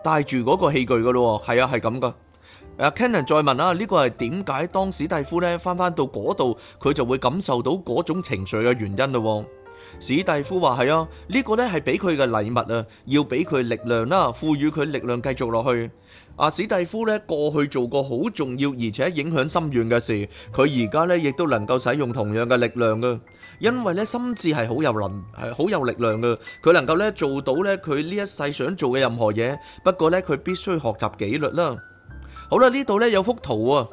帶住嗰個器具噶咯，係啊，係咁噶。阿 Kenon 再問啦，呢個係點解當史蒂夫咧返返到嗰度，佢就會感受到嗰種情緒嘅原因咯？史蒂夫話：係啊，呢個咧係俾佢嘅禮物啊，要俾佢力量啦，賦予佢力量繼續落去。阿史蒂夫咧過去做過好重要而且影響深遠嘅事，佢而家咧亦都能夠使用同樣嘅力量噶，因為咧心智係好有能係好有力量噶，佢能夠咧做到咧佢呢一世想做嘅任何嘢。不過咧，佢必須學習紀律啦。好啦，呢度咧有幅圖啊，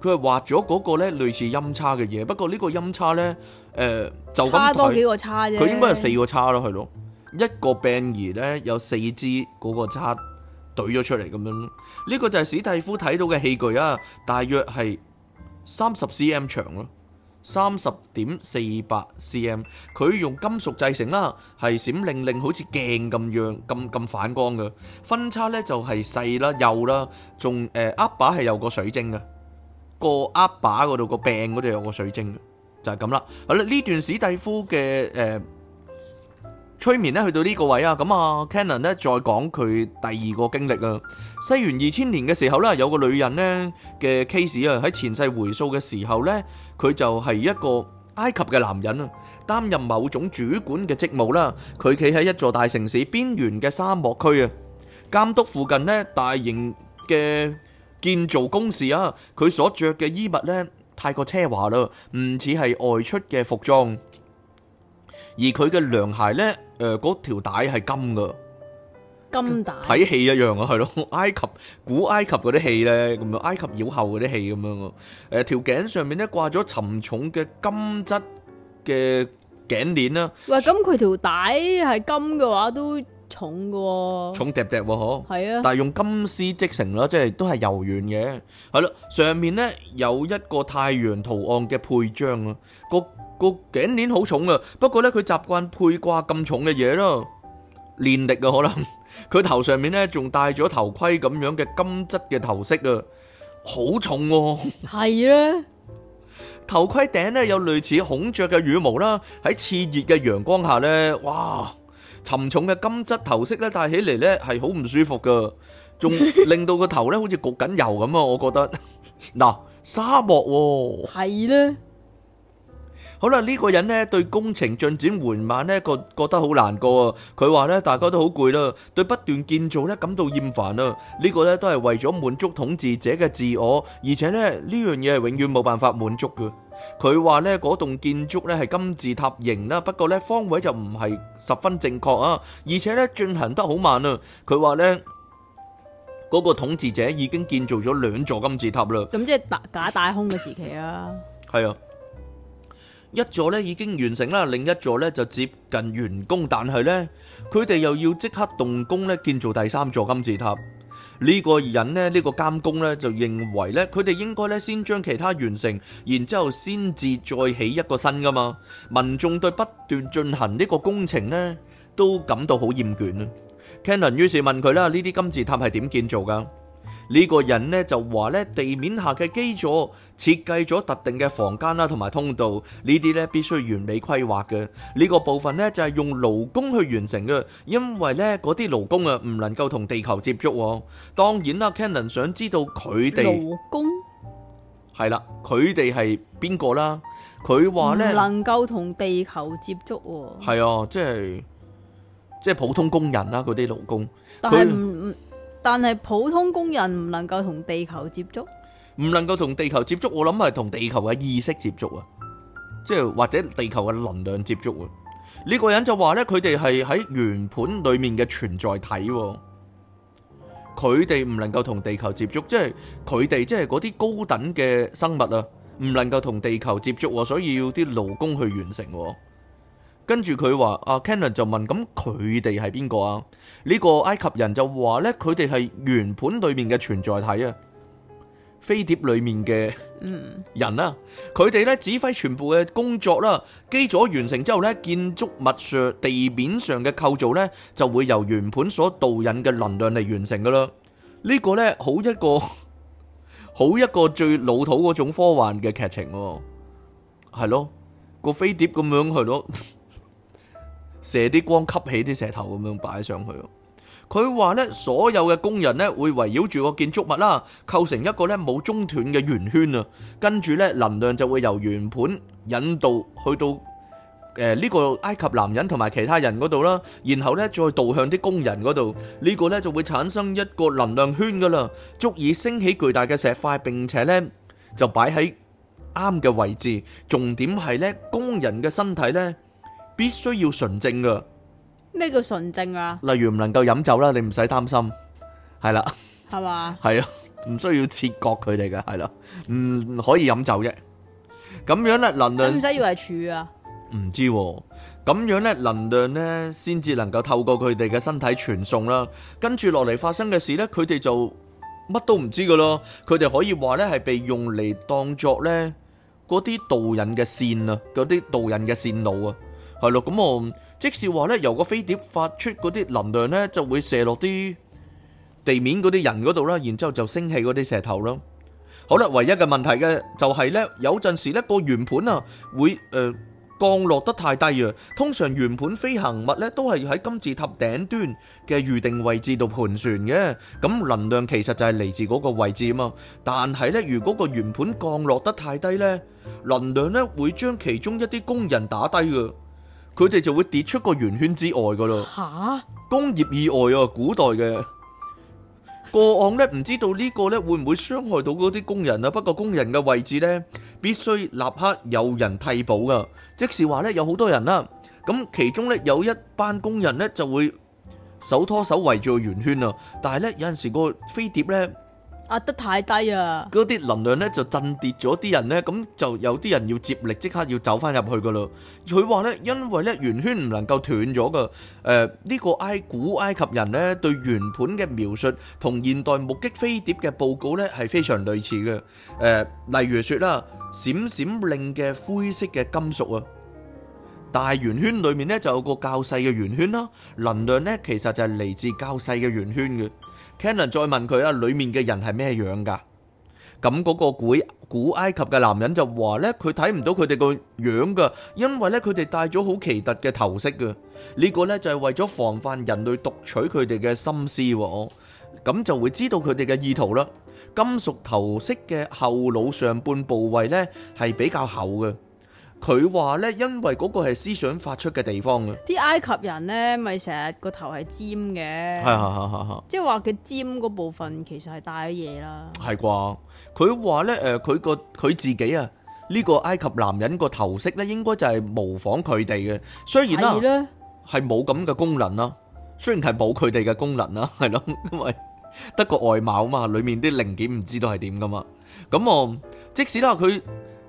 佢係畫咗嗰個咧類似音叉嘅嘢，不過呢個音叉咧，誒、呃、就咁多幾個叉啫，佢應該係四個叉咯，係咯，一個病兒咧有四支嗰個叉，懟咗出嚟咁樣，呢、這個就係史蒂夫睇到嘅器具啊，大約係三十 cm 長咯。三十點四百 cm，佢用金屬製成啦，係閃令令，好似鏡咁樣，咁咁反光嘅。分差咧就係細啦、幼啦，仲誒，握把係有個水晶嘅，個握把嗰度個柄嗰度有個水晶，就係咁啦。好啦，呢段史蒂夫嘅誒。呃催眠呢，去到呢個位啊，咁啊，Cannon 呢再講佢第二個經歷啊。西元二千年嘅時候呢，有個女人呢嘅 case 啊，喺前世回溯嘅時候呢，佢就係一個埃及嘅男人啊，擔任某種主管嘅職務啦。佢企喺一座大城市邊緣嘅沙漠區啊，監督附近呢大型嘅建造工事啊。佢所著嘅衣物呢，太過奢華啦，唔似係外出嘅服裝，而佢嘅涼鞋呢。誒，嗰條帶係金噶，金帶睇戲一樣啊，係咯，埃及古埃及嗰啲戲咧，咁樣埃及妖后嗰啲戲咁樣啊。誒，條頸上面咧掛咗沉重嘅金質嘅頸鏈啦。喂，咁佢條帶係金嘅話都重噶，重疊疊嗬。係啊，但係用金絲織成啦，即係都係柔軟嘅。係咯，上面咧有一個太陽圖案嘅配章啊，個。個頸鏈好重啊，不過咧佢習慣配掛咁重嘅嘢咯，練力啊，可能佢頭上面咧仲戴咗頭盔咁樣嘅金質嘅頭飾啊，好重喎。係咧，頭盔頂咧有類似孔雀嘅羽毛啦，喺熾熱嘅陽光下咧，哇，沉重嘅金質頭飾咧戴起嚟咧係好唔舒服噶，仲令到個頭咧好似焗緊油咁啊，我覺得嗱沙漠喎，係咧。好啦，呢個人咧對工程進展緩慢咧覺覺得好難過啊！佢話咧大家都好攰啦，對不斷建造咧感到厭煩啊。呢個咧都係為咗滿足統治者嘅自我，而且咧呢樣嘢係永遠冇辦法滿足嘅。佢話咧嗰棟建築咧係金字塔型啦，不過咧方位就唔係十分正確啊，而且咧進行得好慢啊。佢話咧嗰個統治者已經建造咗兩座金字塔啦。咁即係假大空嘅時期啊！係啊。一座咧已經完成啦，另一座咧就接近完工，但係咧佢哋又要即刻動工咧建造第三座金字塔。呢個人呢，呢個監工咧就認為咧，佢哋應該咧先將其他完成，然之後先至再起一個新噶嘛。民眾對不斷進行呢個工程咧都感到好厭倦啊。Cannon 於是問佢啦：呢啲金字塔係點建造㗎？呢個人呢就話呢，地面下嘅基座設計咗特定嘅房間啦，同埋通道呢啲呢必須完美規劃嘅。呢、這個部分呢就係用勞工去完成嘅，因為呢嗰啲勞工啊唔能夠同地球接觸。當然啦，Cannon 想知道佢哋勞工係啦，佢哋係邊個啦？佢話呢唔能夠同地球接觸係哦，即係即係普通工人啦，嗰啲勞工，佢唔唔。但係普通工人唔能夠同地球接觸，唔能夠同地球接觸，我諗係同地球嘅意識接觸啊，即係或者地球嘅能量接觸啊。呢、這個人就話呢，佢哋係喺圓盤裡面嘅存在體，佢哋唔能夠同地球接觸，即係佢哋即係嗰啲高等嘅生物啊，唔能夠同地球接觸，所以要啲勞工去完成。跟住佢話：阿 Cannon 就問咁，佢哋係邊個啊？呢個埃及人就話呢，佢哋係圓盤裏面嘅存在體啊，飛碟裏面嘅人啊。佢哋呢，指揮全部嘅工作啦，基礎完成之後呢，建築物上地面上嘅構造呢，就會由圓盤所導引嘅能量嚟完成噶啦。呢個呢，好一個好一個最老土嗰種科幻嘅劇情喎、啊，係咯，個飛碟咁樣去咯。 射啲光吸起啲石頭咁樣擺上去咯。佢話呢，所有嘅工人呢會圍繞住個建築物啦，構成一個呢冇中斷嘅圓圈啊。跟住呢能量就會由圓盤引導去到誒呢個埃及男人同埋其他人嗰度啦，然後呢再導向啲工人嗰度。呢個呢就會產生一個能量圈噶啦，足以升起巨大嘅石塊，並且呢就擺喺啱嘅位置。重點係呢工人嘅身體呢。必須要純正噶，咩叫純正啊？例如唔能夠飲酒啦，你唔使擔心，係啦，係嘛？係啊，唔需要切割佢哋嘅，係啦，唔可以飲酒啫。咁樣咧，能量使唔使要係柱啊？唔知。咁樣咧能量咧先至能夠透過佢哋嘅身體傳送啦。跟住落嚟發生嘅事咧，佢哋就乜都唔知噶咯。佢哋可以話咧係被用嚟當作咧嗰啲導引嘅線啊，嗰啲導引嘅線路啊。係咯，咁啊，即是話咧，由個飛碟發出嗰啲能量咧，就會射落啲地面嗰啲人嗰度啦，然之後就升起嗰啲石頭咯。好啦，唯一嘅問題嘅就係咧，有陣時咧個圓盤啊會誒降落得太低啊。通常圓盤飛行物咧都係要喺金字塔頂端嘅預定位置度盤旋嘅，咁能量其實就係嚟自嗰個位置啊嘛。但係咧，如果個圓盤降落得太低咧，能量咧會將其中一啲工人打低噶。佢哋就會跌出個圓圈之外噶咯。吓，工業意外啊，古代嘅個案咧，唔知道呢個咧會唔會傷害到嗰啲工人啊？不過工人嘅位置咧，必須立刻有人替補噶，即是話咧有好多人啦。咁其中咧有一班工人咧就會手拖手圍住個圓圈啊。但係咧有陣時個飛碟咧。壓得太低啊！嗰啲能量咧就震跌咗，啲人咧咁就有啲人要接力，即刻要走翻入去噶咯。佢話咧，因為咧圓圈唔能夠斷咗噶。誒，呢個埃古埃及人咧對圓盤嘅描述，同現代目擊飛碟嘅報告咧係非常類似嘅。誒，例如說啦，閃閃令嘅灰色嘅金屬啊，大圓圈裏面咧就有個較細嘅圓圈啦。能量咧其實就係嚟自較細嘅圓圈嘅。Canon 再問佢啊，裡面嘅人係咩樣噶？咁嗰個古古埃及嘅男人就話呢，佢睇唔到佢哋個樣噶，因為呢，佢哋戴咗好奇特嘅頭飾嘅，呢、呢個呢，就係為咗防範人類讀取佢哋嘅心思，咁就會知道佢哋嘅意圖啦。金屬頭飾嘅後腦上半部位呢，係比較厚嘅。佢話咧，因為嗰個係思想發出嘅地方嘅。啲埃及人咧，咪成日個頭係尖嘅。係係係係係。即係話佢尖嗰部分，其實係帶咗嘢啦。係啩？佢話咧，誒，佢個佢自己啊，呢個埃及男人個頭飾咧，應該就係模仿佢哋嘅。雖然啦，係冇咁嘅功能啦，雖然係冇佢哋嘅功能啦，係咯，因為得個外貌啊嘛，裡面啲零件唔知道係點㗎嘛。咁我即使啦，佢。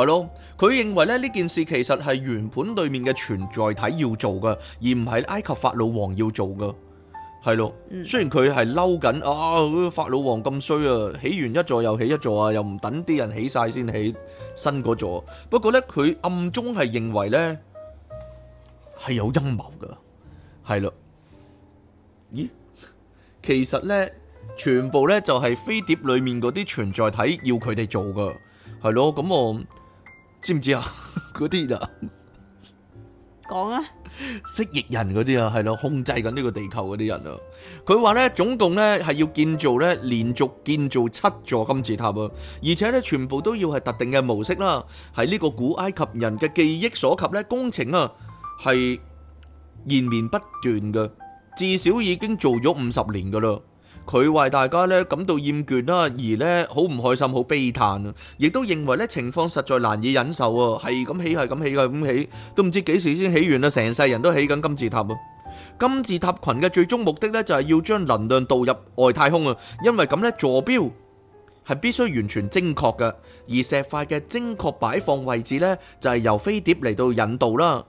係咯，佢認為咧呢件事其實係原本裏面嘅存在體要做噶，而唔係埃及法老王要做噶。係咯，雖然佢係嬲緊啊，法老王咁衰啊，起完一座又起一座啊，又唔等啲人起晒先起新嗰座。不過咧，佢暗中係認為咧係有陰謀噶，係咯？咦，其實咧全部咧就係飛碟裏面嗰啲存在體要佢哋做噶，係咯？咁我。知唔知啊？嗰啲啊，講啊，蜥蜴人嗰啲啊，係咯，控制緊呢個地球嗰啲人啊。佢話咧，總共咧係要建造咧，連續建造七座金字塔啊，而且咧全部都要係特定嘅模式啦。喺呢個古埃及人嘅記憶所及咧，工程啊係延綿不斷嘅，至少已經做咗五十年噶啦。佢話大家咧感到厭倦啦，而咧好唔開心，好悲嘆啊，亦都認為咧情況實在難以忍受啊，係咁 起，係咁起，係咁起，都唔知幾時先起完啦，成世人都起緊金字塔啊！金字塔群嘅最終目的咧就係要將能量導入外太空啊，因為咁呢，坐標係必須完全精確嘅，而石塊嘅精確擺放位置呢，就係由飛碟嚟到引導啦。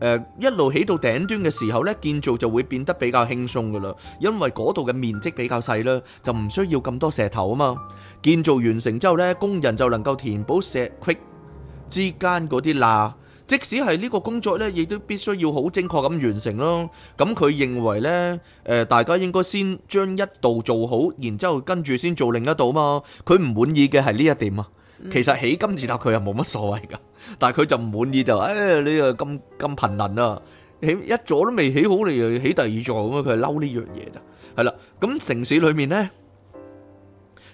誒一路起到頂端嘅時候咧，建造就會變得比較輕鬆噶啦，因為嗰度嘅面積比較細啦，就唔需要咁多石頭啊嘛。建造完成之後咧，工人就能夠填補石隙之間嗰啲罅。即使係呢個工作咧，亦都必須要好精確咁完成咯。咁佢認為咧，誒大家應該先將一度做好，然之後跟住先做另一度嘛。佢唔滿意嘅係呢一點啊。其實起金字塔佢又冇乜所謂噶，但係佢就唔滿意就，誒你又咁咁頻能啊，起一座都未起好，你又要起第二座咁啊！佢係嬲呢樣嘢就係啦。咁城市裏面呢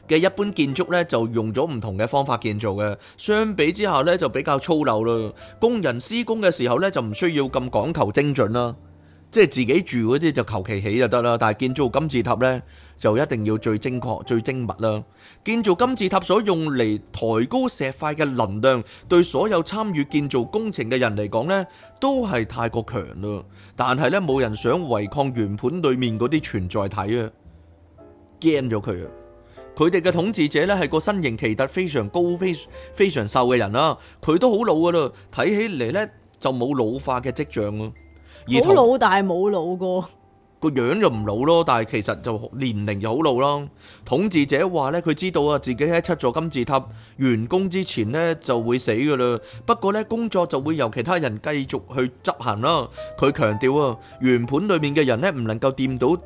嘅一般建築呢就用咗唔同嘅方法建造嘅，相比之下呢就比較粗陋啦。工人施工嘅時候呢就唔需要咁講求精準啦。即係自己住嗰啲就求其起就得啦，但係建造金字塔咧就一定要最精確、最精密啦。建造金字塔所用嚟抬高石塊嘅能量，對所有參與建造工程嘅人嚟講咧，都係太過強啦。但係咧，冇人想違抗圓盤裏面嗰啲存在體啊，驚咗佢啊！佢哋嘅統治者咧係個身形奇特、非常高、非非常瘦嘅人啦，佢都好老噶啦，睇起嚟咧就冇老化嘅跡象啊。好老但係冇老過，個樣就唔老咯，但係其實就年齡又好老咯。統治者話呢，佢知道啊，自己喺七座金字塔完工之前呢就會死噶啦。不過呢，工作就會由其他人繼續去執行啦。佢強調啊，圓盤裏面嘅人呢，唔能夠掂到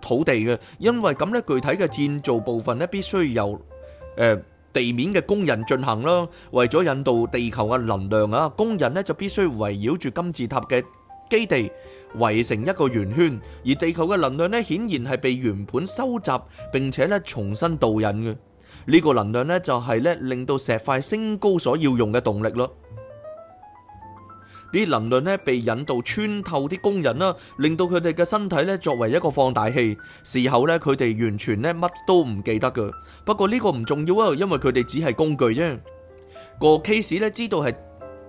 土地嘅，因為咁呢，具體嘅建造部分呢，必須由誒地面嘅工人進行啦。為咗引導地球嘅能量啊，工人呢就必須圍繞住金字塔嘅，基地圍成一個圓圈，而地球嘅能量咧，顯然係被圓盤收集，並且咧重新導引嘅呢個能量咧，就係咧令到石塊升高所要用嘅動力咯。啲能量咧被引導穿透啲工人啦，令到佢哋嘅身體咧作為一個放大器。事後咧，佢哋完全咧乜都唔記得嘅。不過呢個唔重要啊，因為佢哋只係工具啫。個 case 咧知道係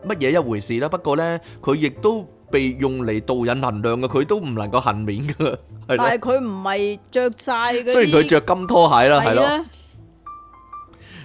乜嘢一回事啦，不過咧佢亦都。被用嚟導引能量嘅佢都唔能夠幸免嘅，係，但係佢唔係着晒。雖然佢着金拖鞋啦，係咯的。吧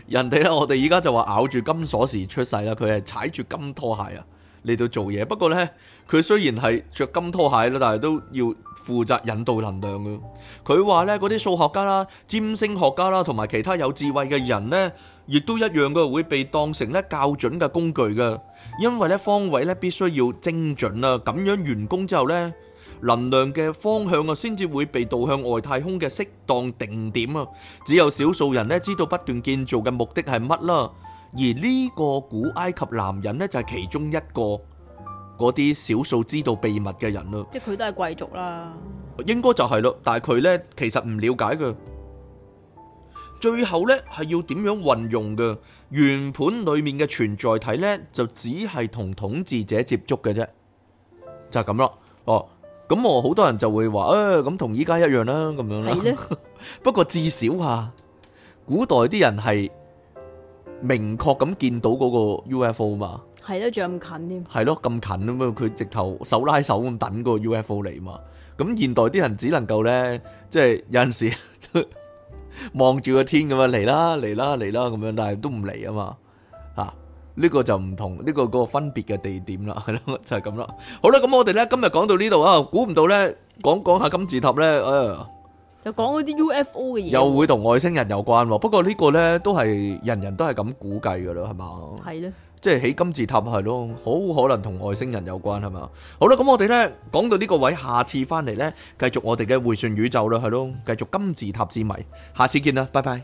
人哋咧，我哋而家就話咬住金鎖匙出世啦，佢係踩住金拖鞋啊。嚟到做嘢，不過咧，佢雖然係著金拖鞋啦，但係都要負責引導能量噶。佢話咧，嗰啲數學家啦、占星學家啦，同埋其他有智慧嘅人咧，亦都一樣噶，會被當成咧較準嘅工具噶。因為咧，方位咧必須要精準啦，咁樣完工之後咧，能量嘅方向啊先至會被導向外太空嘅適當定點啊。只有少數人咧知道不斷建造嘅目的係乜啦。而呢個古埃及男人呢，就係、是、其中一個嗰啲少數知道秘密嘅人啦。即係佢都係貴族啦，應該就係咯。但係佢呢，其實唔了解嘅。最後呢，係要點樣運用嘅？原本裏面嘅存在體呢，就只係同統治者接觸嘅啫，就係咁咯。哦，咁我好多人就會話誒，咁同依家一樣啦，咁樣啦。的 不過至少啊，古代啲人係。明確咁見到嗰個 UFO 嘛？係咯，仲有咁近添。係咯，咁近啊嘛。佢直頭手拉手咁等個 UFO 嚟嘛。咁現代啲人只能夠咧，即係有陣時望住個天咁樣嚟啦嚟啦嚟啦咁樣，但係都唔嚟啊嘛。啊，呢個就唔同呢個個分別嘅地點啦，係咯，就係咁啦。好啦，咁我哋咧今日講到呢度啊，估唔到咧講講下金字塔咧啊！哎就講嗰啲 UFO 嘅嘢，又會同外星人有關喎。不過呢個呢，都係人人都係咁估計噶啦，係嘛？係咯，即係起金字塔係咯，好可能同外星人有關係嘛。好啦，咁我哋呢，講到呢個位，下次翻嚟呢，繼續我哋嘅回旋宇宙啦，係咯，繼續金字塔之謎。下次見啦，拜拜。